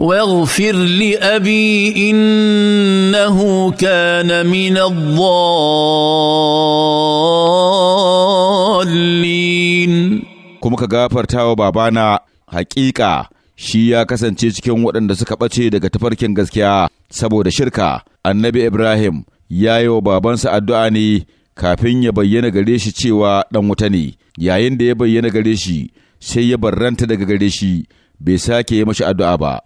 واغفر لأبي إنه كان من الضالين kuma ka gafarta wa babana hakika shi ya kasance cikin waɗanda suka ɓace daga tafarkin gaskiya saboda shirka annabi ibrahim ya yi wa babansa addu'a ne kafin ya bayyana gare shi cewa ɗan wuta ne yayin da ya bayyana gare shi sai ya barranta daga gare shi bai sake yi mashi addu'a ba